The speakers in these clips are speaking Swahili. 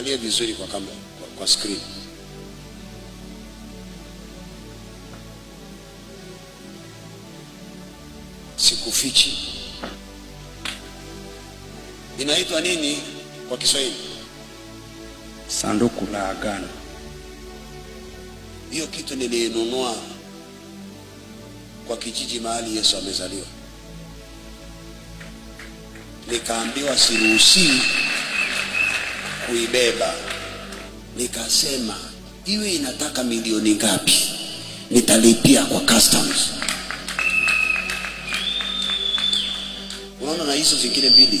angalia vizuri kwa, kama, kwa, kwa screen. Sikufichi inaitwa nini kwa Kiswahili? Sanduku la Agano. Hiyo kitu nilinunua kwa kijiji mahali Yesu amezaliwa, nikaambiwa siruhusii kuibeba. Nikasema iwe inataka milioni ngapi, nitalipia kwa customs. Unaona, na hizo zingine mbili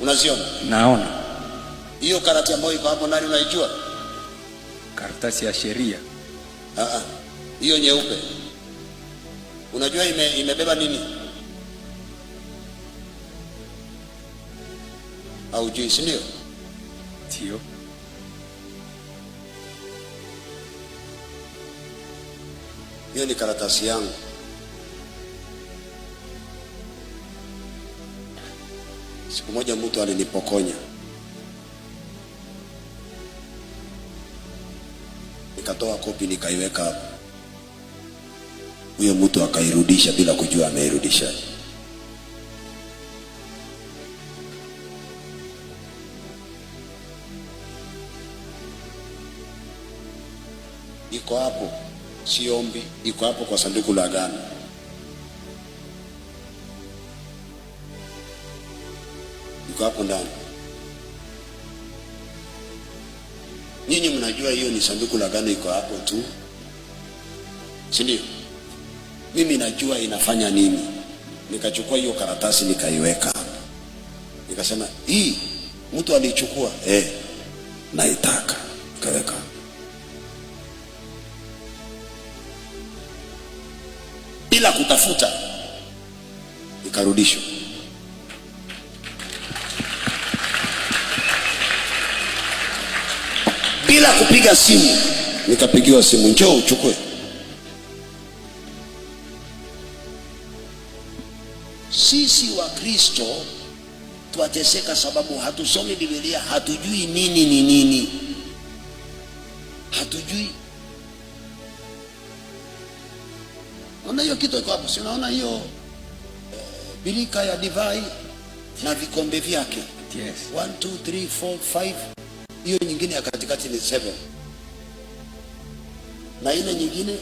Unaziona? Naona. Hiyo karatasi ambayo iko hapo nani unaijua? Karatasi ya sheria. Ah, ah Hiyo nyeupe. Unajua ime, imebeba nini? Au je, si ndio? Ndio. Hiyo ni karatasi yangu. Siku moja mtu alinipokonya, nikatoa kopi nikaiweka hapo, huyo mtu akairudisha bila kujua ameirudisha. Iko hapo, siombi, iko hapo kwa sanduku la agano. ziko hapo ndani. Nyinyi mnajua hiyo ni sanduku la agano, iko hapo tu, si ndio? Mimi najua inafanya nini. Nikachukua hiyo karatasi nikaiweka, nikasema hii mtu alichukua, eh, naitaka. kaweka bila kutafuta, ikarudishwa. bila kupiga simu. Nikapigiwa simu, njoo uchukue. Sisi wa Kristo twateseka sababu hatusomi Biblia, hatujui nini ni nini, hatujui. Ona hiyo kitu iko hapo, si unaona hiyo eh, birika ya divai na vikombe vyake, yes. One, two, three, four, hiyo nyingine ya katikati ni 7 na ile nyingine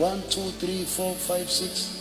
1 2 3 4 5 6